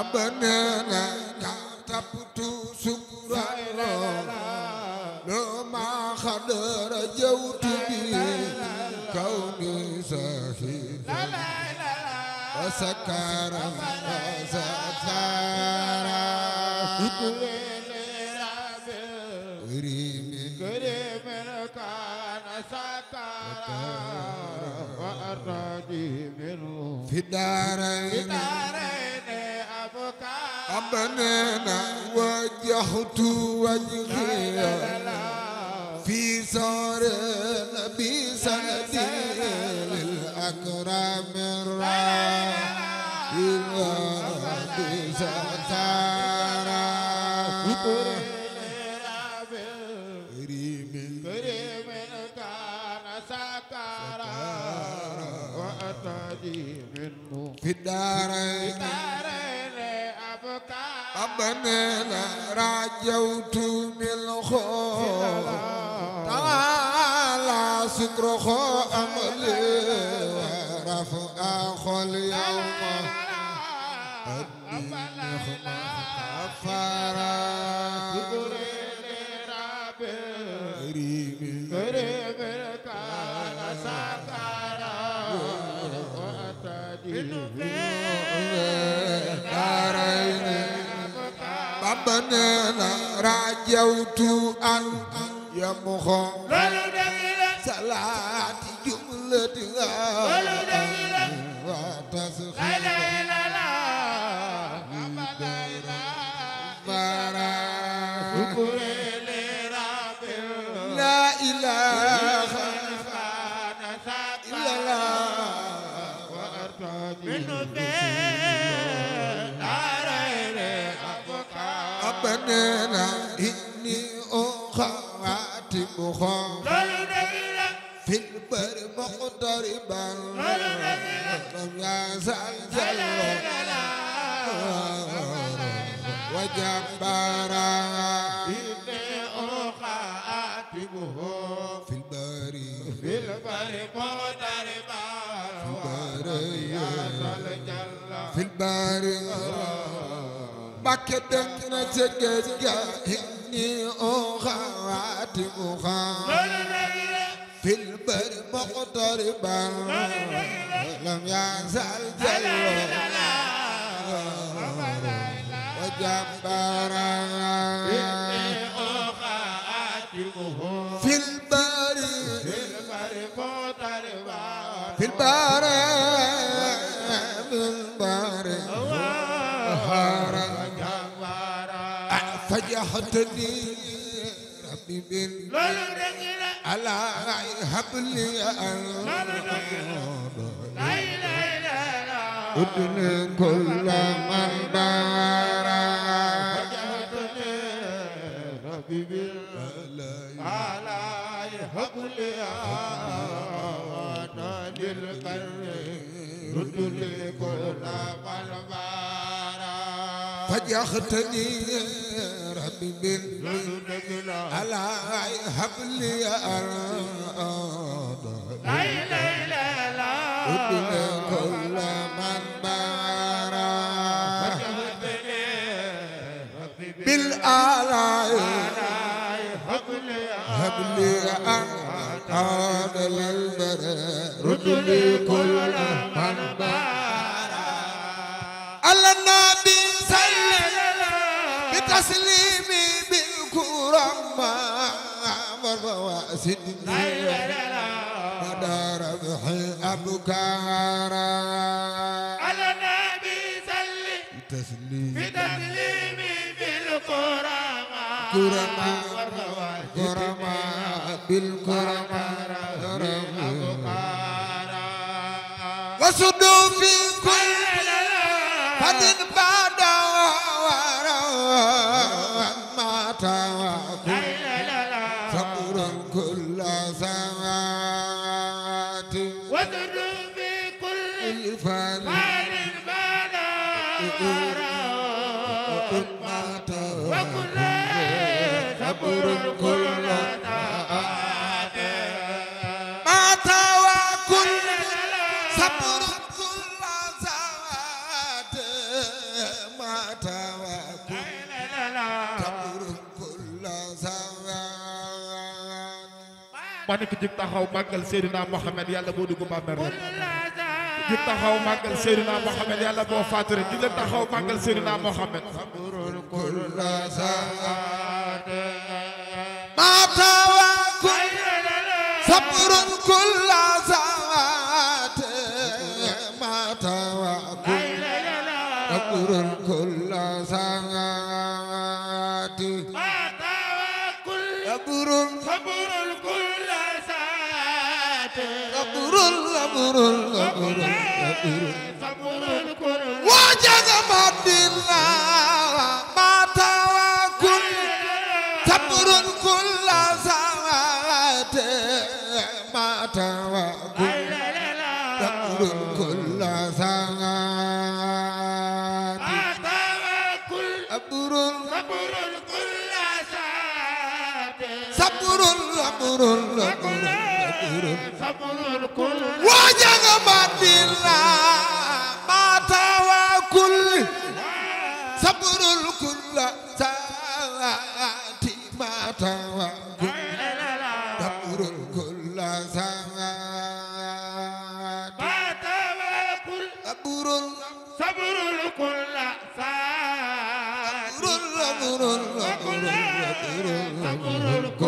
abanana kataptu sukra lama khadara jawtu bi kauni sahih asakara asakara Gurimi Gurimi kana sakara wa aradi minu fidarina neena wajjahtu wajhiya fi sore nabi sanadi lil akram في الدارين أنا لرجوت بالخوف تعالى سكره أملي ورفع اليوم Yeah. bamba nee na rajawtu an yamuxo salaati jumlatiha wa tasxiila Amen. neena inni o xawaati mu xool fil bari muqtariban yaasal jallo wa jambara inni o xawaati mu xool fil bari fil bari muqtariban fil bari Mbàkke تجد إني أخاتمها في البر مقتربا لم يزل جل وجبارا تحتني حبيبي على حبلي لا اله الا الله ادن كل من بارا حبيبي على حبلي انا للقرب ادن كل من بارا فرحتني ربي بالمن على حبلي أراد لا إله إلا الله كل من بارا بالآلاء حبلي أراد للبر ردني كل من التسليم بالكرم والبواسد ودار بحي أبكارا على النبي صلي تسليم بتسليم بالكرم كرم كرم بالكرم وسدوا في كل فتن بعد ma nekk jig taxaw màggal Seydina Mohamed yàlla boo dugg bàmmeel rek jig taxaw màggal Seydina Mohamed yàlla boo fàttali rek jig la taxaw màggal Seydina Mohamed ma tawa sabrun kulla Saburul, saburul, saburul وجه بات الله بات وكل صبر الكل ساعات ما توكل صبر الكل ساعات بات وكل صبر صبر الكل ساعات صبر صبر صبر الكل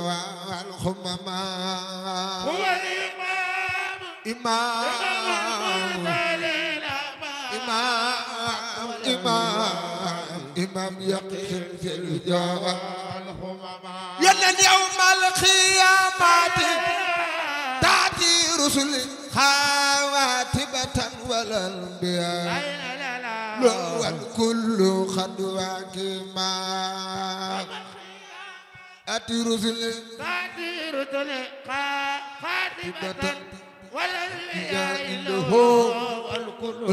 والخمما هو الإمام إمام إمام إمام إمام يقتل في الجوال ينن يوم القيامة تأتي رسل خواتبة والأنبياء والكل خد واكما ati rusuli ati rusuli xaatibatan wala liyaa illahu wal kullu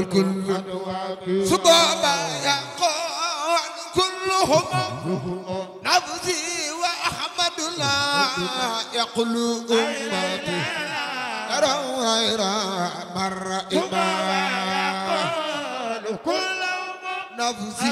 su boobaa yaqoon kulluhum nafsi wa ahmadu la yaqulu ummati yaraw ghayra marra imaa nafsi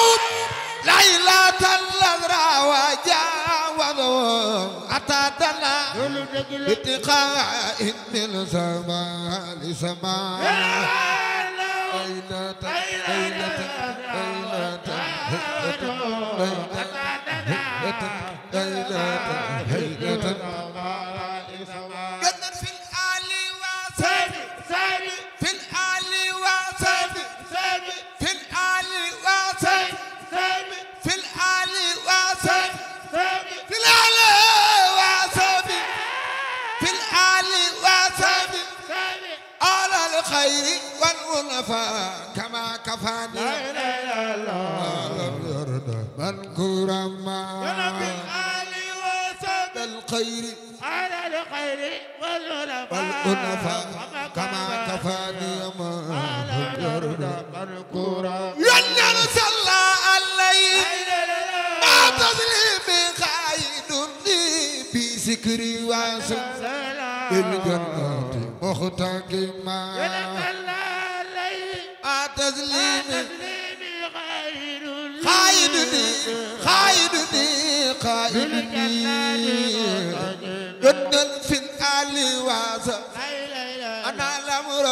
داود ليلة الأزرع وجاوزه أتاتنا باتقاء من سماء لسماء أين أين أين أين أين والأنفا كما كفاني ما يرضى منكورا ينال صلى عليه ما تسليم خايدني بسكري واسم بالجنة مختكما ما تسليم خايدني خايدني خايدني جدا في لي واسا أنا الأمر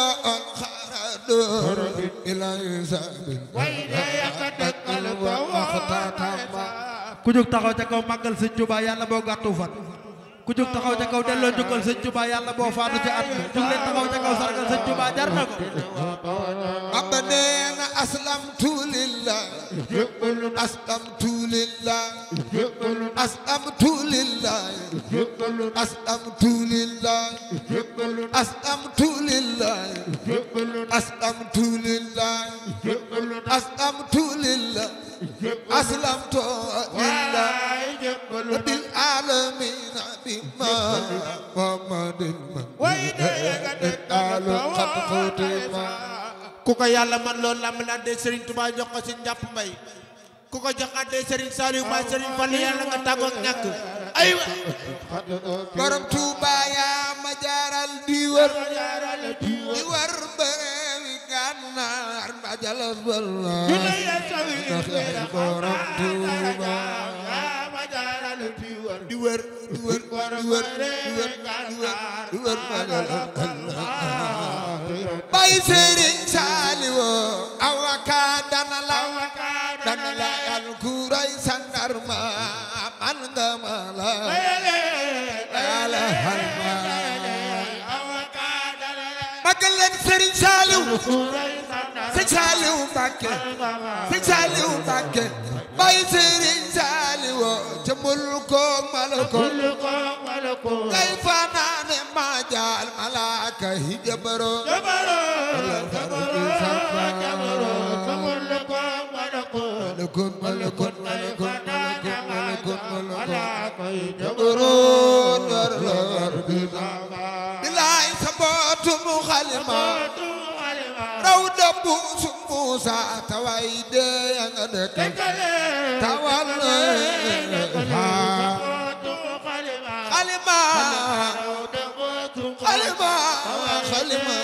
خرد إلى يسابين وإليك تتقلب وخطاتا ku jóg taxaw ca kaw màggal Sëñ Tuubaa yàlla boo gàttu fan ku jóg taxaw ca kaw delloo njukkal sëñ neena aslamtu lillah aslamtu lillah aslamtu lillah aslamtu lillah aslamtu lillah محمد ku ko yàlla man loolu lamb la dee Serigne Touba jox ko si njàpp mbay ku ko jox adde Serigne Saliou Mbaye Serigne Fall yàlla nga tàggoog ñàkk aywa borom Touba yaa ma jaaral di wër di wër bëreewi gànnaar ma jalas balla borom Touba ma jaaral di wër di wër di wër di wër di wër di wër bay Sëriñ Saaliw awaka dana la dana la alkuray sandarma man nga ma la ala halma awaka dana la magal leen Sëriñ Saaliw Sëriñ Saaliw Mbàkke mulkoo malakoo malakoo lay fanaane maa jaal malaaka hi jabaroo malakoo malakoo malakoo Musa taway de nga dëkkal tawal ha xalima xalima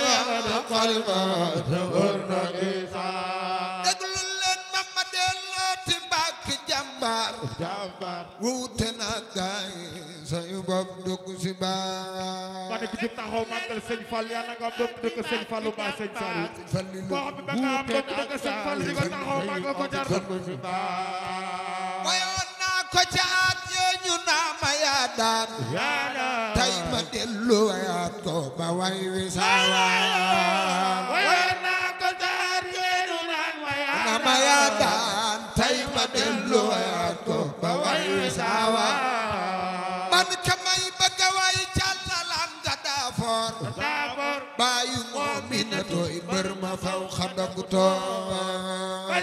xalima xalima bopp dugg si baa. ma ne ku ci taxaw màggal sëñ Fall yàlla nga am bopp dugg sëñ Fallu ba sëñ Fall. koo xam ne da nga am bopp dugg sëñ Fall di ko taxaw màggal ko jaar si baa. mayoon naa ko ca at yee ñu naa ma yaa daan. yaa daan tey ma dellu wayaat ko ba way wi saa ma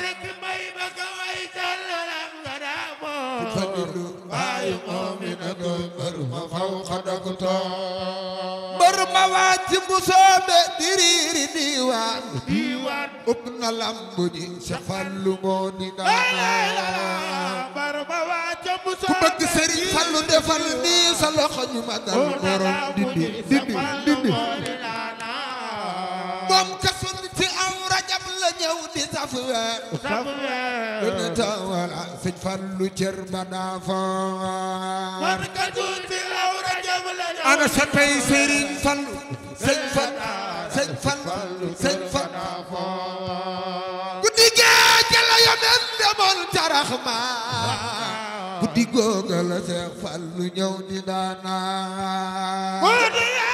waati musoobe diriiri diiwaan diiwaan upp na lambu ji sa fallu moo di ñëw di saf weer. saf weer lu ne tawala sëñ Fallu cër ba daa foor. man ka tuut bi aw rajab la ñëw. ana sa tey sëriñ Fallu. sëñ Fallu sëñ Fallu sëñ Fallu. guddi gee jëla yonent demoon tarax ma. guddi googa la sëñ Fallu ñëw di daanaa.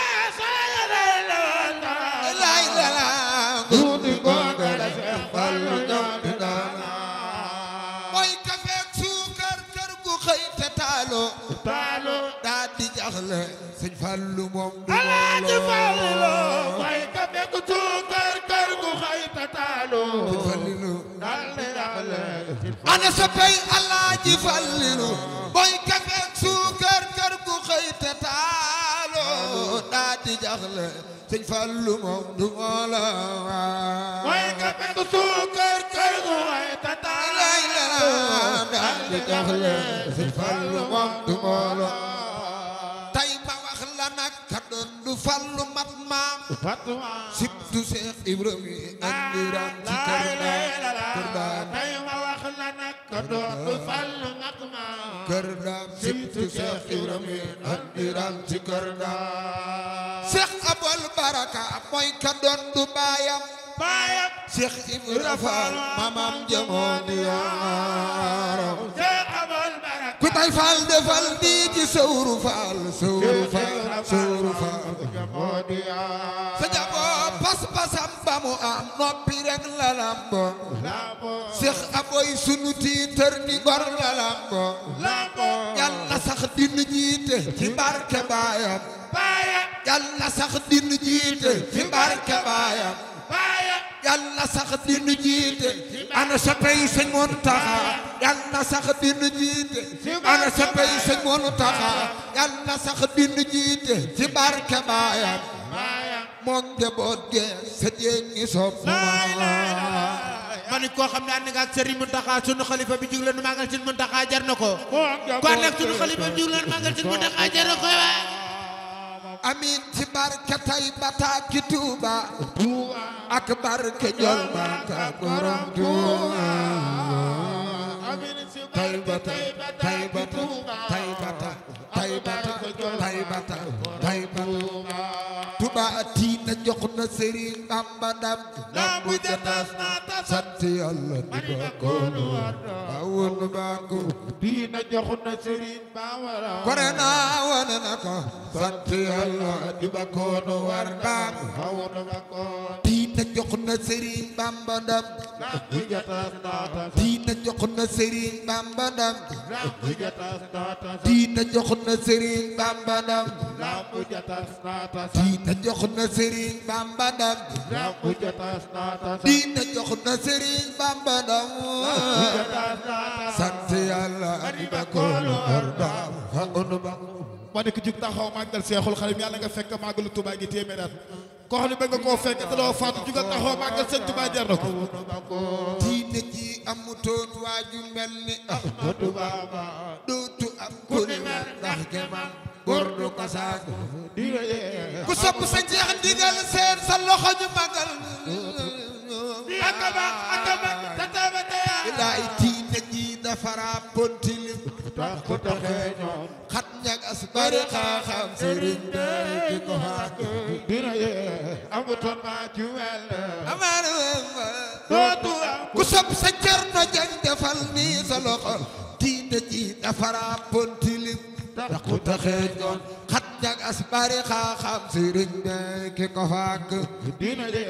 fallu moom du alaaji fallilu may ka bekk tuukar kar gu xay tataalu fallilu daldi daldi ana soppey alaaji fallilu mooy ka bekk suukar kar gu xay tataalu daa di jaxle sëñ fallu moom du moola mooy ka bekk suukar kar gu xay tataalu daa di jaxle sëñ fallu moom du moola fallu mat maam fatwa sibdu Cheikh Ibrahima ak ngiran ah, ci kërdaam tay ma wax la nag ko doon fallu mat maam kërdaam sibdu Cheikh Ibrahima ak ngiran ci kërdaam Cheikh Abol Baraka mooy ka doon du baayam baayam Cheikh Ibrahima Fall mamam jamono yaaram ku tay Fall defal di ci sawru Fall sawru Fall sawru Fall sa jaboo pas-pasam ba mu am noppi rek la lambo seex aboy sunu tiitër di gor la lambo yàlla sax dinu jiite ci barke baayam yàlla sax dinu jiite ci barke baayam yàlla na sax jiite ana sa tey sëñ Muntaxa yàlla na jiite ana sa tey sëñ Muntaxa yàlla na jiite ci barke baayam moom njaboot sa jéngi sopp ma ni koo xam ne ànd nga ak Serigne Mountakha sunu xalifa bi jug leen màggal sunu Mountakha jar na ko ko ànd ak sunu xalifa bi jug leen màggal sunu Mountakha jar na amin ci barke tay bata ki Tuuba ak barke jol mata borom Tuuba amin ci barke tay bata jox na Serigne Bamba ndam ndam ja tas na tas sant yàlla di ba koonu awoon baako diina jox na Serigne ba wara kore naa wane na ko sant yàlla di ba koonu war ndam awoon baako diina jox na Serigne Bamba ndam ndam ja tas na tas diina jox na Serigne Bamba ndam ndam ja tas na tas diina jox na Serigne Bamba ndam ndam ja tas na tas diina jox na Serigne bamba dam diina jox na sëriñ bamba dam sant yàlla ba koolu ordam fa onu ba ma nekk a taxaw màggal seexul xalim yàlla nga fekk a Tuubaa gi téeméer at koo xam ne ba nga koo fekk te doo faatu jugal taxaw màggal sëñ Tuubaa jar na ko diina ji amutoon waaju mel ni Ahmadu Bamba ku ni mel ndax jëmal góor du ko ku sopp sa njeex ndigal seen sa loxo ñu magal akaba akaba tataba taya ilaay tiite gi dafara pontilim tax ko taxee ñoom xat ñag as bari xaaxam sëriñ day di ko xàkk dina yee amutoon maa ci wel amaana dootu am ku sopp sa cer no jang defal nii sa loxo jiite ji dafara pontilim taxu taxee ñoon ki ko fàkk diina ji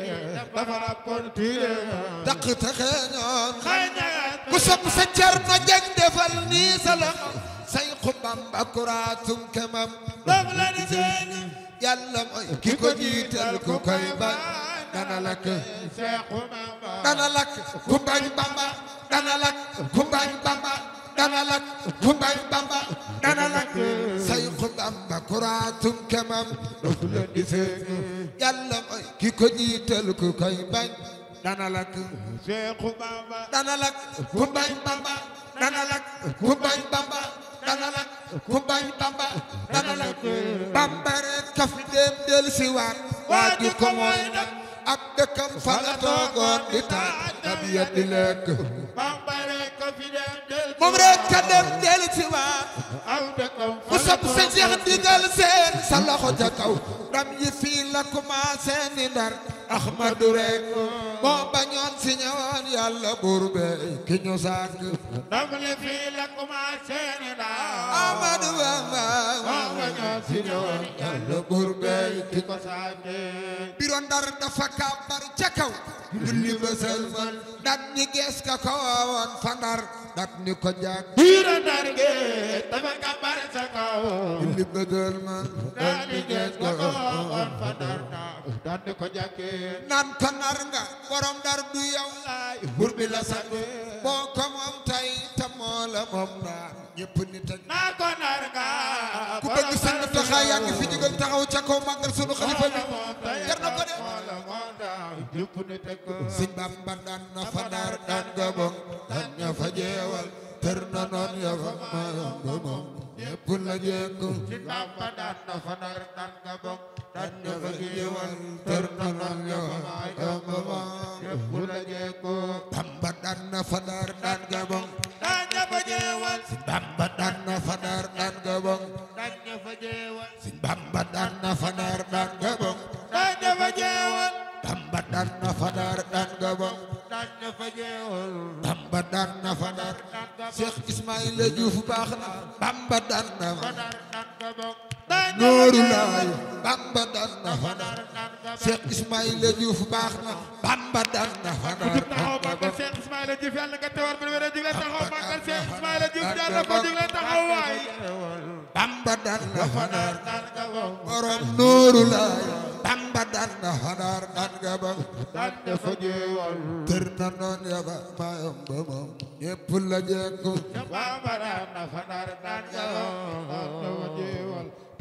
dafara pontilim taxu taxee ñoon ku sopp sa cer na jeg defal nii sa lax say xubam akuraatum kemam doom la di seeni yàlla ki ko jiital ku koy bañ dana lakk dana dana lakk ku dana lak ku bay bamba dana lak say ku bamba kuraatum kemam la di fee yàlla ki ko jiital koy bañ dana lak seexu bamba bamba dana lak ku bay bamba dana lak ku bay bamba dana lak bamba rek ka dem del si waat waa ji ko mooy nag ak fa la di taat ab ya lekk moom rek ka dem dellu ci waat bu sopp sa jeex ndigal seen sa loxo ja kaw ndam yi fii la commencé ni ndar ahmadu moo bañoon si ñëwoon yàlla buur be ki ñu sàkk li fii la commencé ni daaw ahmadu moo bañoon si ñëwoon yàlla buur be ko sàkk biroon ndar dafa kàbbar ca kaw julli ba sëlmal ka ko woon fa ndar dat dafa ka ko woon daan ne ko jàkkee naan nar nga borom dar du yow laay bi la sang boo ko moom tay te moo la moom naa ñëpp nit ak naa ko nar nga ku bëgg sang taxaa yaa ngi fi jógal taxaw ca kaw màggal sunu xalifa bi jar na ko de ñëpp nit ak sëñ Bamba fa daar la jekku ci Bamba daan na fa nar daan nga bokk daan na fa géewal tër na lan nga fa maay Bamba ma yëpp la jekku Bamba daan na fa nar daan nga bokk daan na fa géewal ci Bamba daan na fa nar daan nga bokk daan na fa géewal ci Bamba daan na fa nar daan nga bokk daan na fa géewal Bamba daan na fa nar daan nga bokk daan na fa géewal Bamba daan na fa nar Cheikh Ismaïla Diouf baax na Bamba daan na nooru laay bamba daan na fa nar Cheikh Ismaïla Diouf baax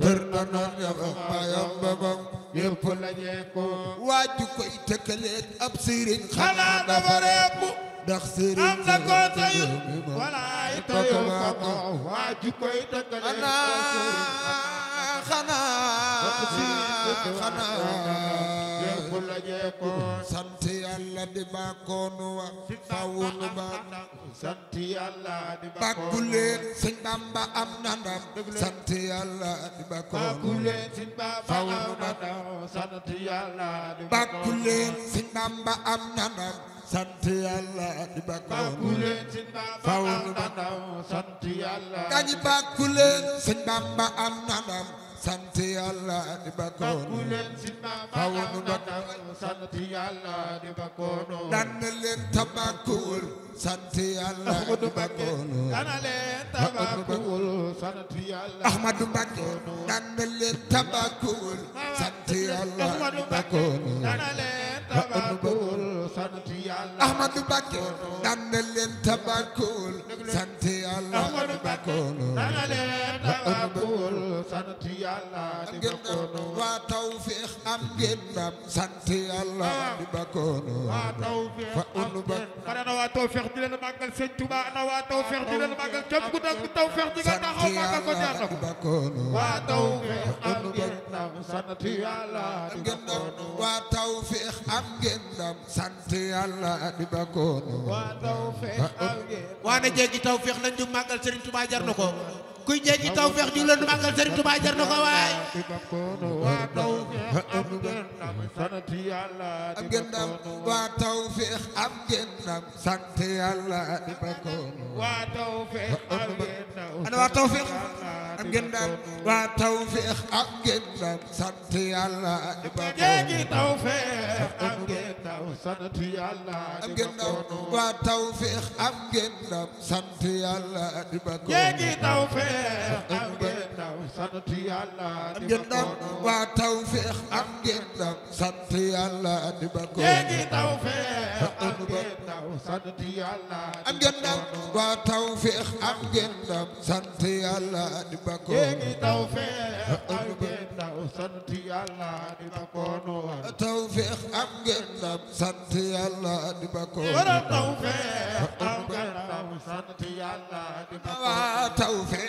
tërtanor yoxo mayom babam yëpp lañee ko waaju koy tëkkaleeg ab sëriñ xanaa dafa reebu ndax sëriñ am na ko tayul walaay tayul ko waaju koy tëkkaleeg xanaa xanaa xanaa jekku la jekko sant yàlla di bàkkoonu wa fawunu ba sant yàlla di bàkkoonu bàkku leen sëñ Bamba am na ndam sant yàlla di bàkkoonu bàkku leen sëñ Bamba fawunu ba sant yàlla di bàkkoonu bàkku leen sëñ Bamba am na ndam sant yàlla di bàkkoonu fawunu ba sant yàlla gañi bàkku leen sëñ Bamba am na ndam sant yàlla di bakkoon ku leen si maam nu doon sant yàlla di bakkoon daan leen tabakuwul sant yàlla di bakkoon daan leen tabakuwul sant yàlla Ahmadu Mbakke daan leen tabakuwul sant yàlla di bakkoon daan leen tabakuwul sant yàlla Ahmadu Mbakke na leen tabakkul sant yàlla tabakkul sant yàlla waa tawfiix am ngeen ndam sant yàlla tabakkul waa tawfiix fa unu ba ana waa tawfiix di leen màggal sëñ Tuba ana waa tawfiix di leen màggal képp ku nekk tawfiix di nga taxaw màggal ko jaar na ko waa tawfiix am ngeen ndam sant yàlla tabakkul waa tawfiix am ngeen ndam sant yàlla tabakkul waa na jéggi taw feex lañ jug màggal Serigne Touba na ko kuy jéggi taw feex jug lañ màggal Serigne jar na ko waaye waa taw feex am gëndam sant yàlla am gëndam waa taw feex am gëndam sant yàlla waa taw feex am gëndam ak gëndal waa tawfeex ak gëndal sant yàlla jéegi tawfeex ak gëndal sant yàlla ak gëndal waa tawfeex ak gëndal sant yàlla di ba ko jéegi tawfeex sant yàlla am ngeen ndam waa tawfeex am ngeen ndam sant yàlla di ba ko léegi tawfeex am ngeen ndam sant yàlla am ngeen ndam waa tawfeex am ngeen ndam sant yàlla di ba ko léegi tawfeex am ngeen ndam sant yàlla di ba ko noonu tawfeex am ngeen ndam sant yàlla di ba ko wara tawfeex am ngeen ndam sant yàlla di ba ko waa tawfeex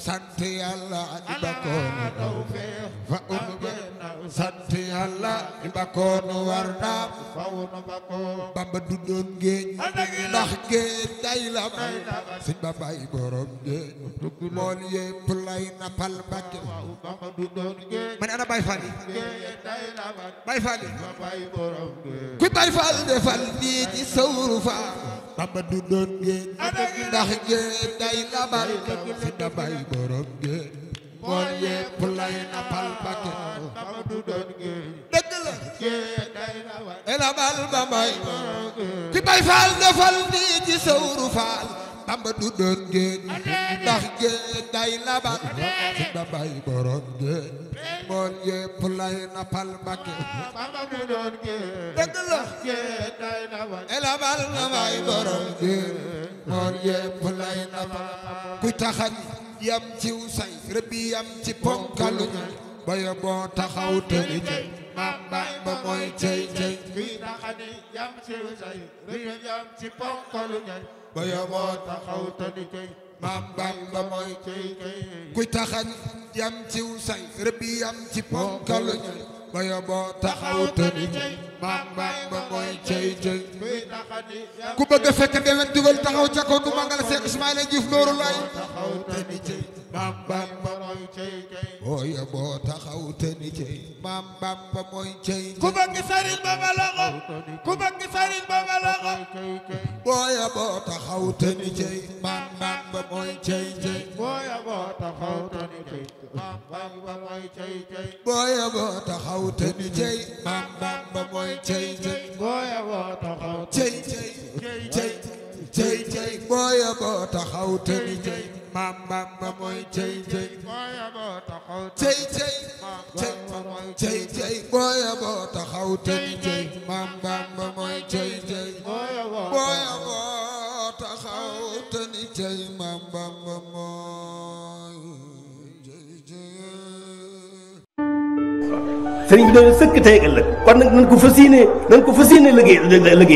sant yàlla di bakkoon bakkoonu war naa faw na bakkoon bamba dundoon géej ndax géej day la may suñ bamba yi borom géej mool yépp lay napal bakke bamba dundoon géej man ana bay faal yi bay faal yi ku bay faal defal nii ci sawru faal bamba dundoon géej ndax géej day la may suñ bamba yi borom géej bool yépp lay napal Mbakke Mamadu doon géey dëgg la ba may ki bay faal defal nii ci sawru faal Bamba du doon géej ndax géej day labal si babay borom géej moon yépp lay napal Mbakke Bamba du doon géej labal elabal babay borom moon yépp lay napal ku taxañ yam ci usay rëbbi yam ci ponkalu ñal ba yo boo taxaw maam baay ba mooy cey cey kii taxani yam ci usay rëbbi yam ci ponkalu ñal ba yo boo taxaw maam baay ba mooy cey cey kuy taxani yam ci usay rëbbi yam ci ponkalu ñal ba yoboo taxaw tëni maam ba ma mooy cey cey ku bëgg a fekk dewen dugal taxaw ca kaw du mangal Seex Ismaayla Juuf Nooru Laay maam Bamba mooy cey kay booya boo taxaw te ni cey maam Bamba mooy cey ku bëgg Sëriñ Bamba loxo ku bëgg Sëriñ Bamba loxo booya boo taxaw te ni cey maam Bamba mooy cey cey booya boo taxaw te ni cey maam Bamba mooy cey cey booya boo taxaw te ni cey maam Bamba mooy cey cey booya boo taxaw cey cey cey cey cey booya boo taxaw te ni cey maam maam ba mooy cey cey booya boo taxaw cey cey cey cey booya boo taxaw cey cey maam maam ba mooy cey cey booya boo taxaw tani cey maam maam ba mooy cey cey sëriñ bi de sëkk tey ëllëg kon nag nañ ko fas yéene nañ ko fas yéene liggéey liggéey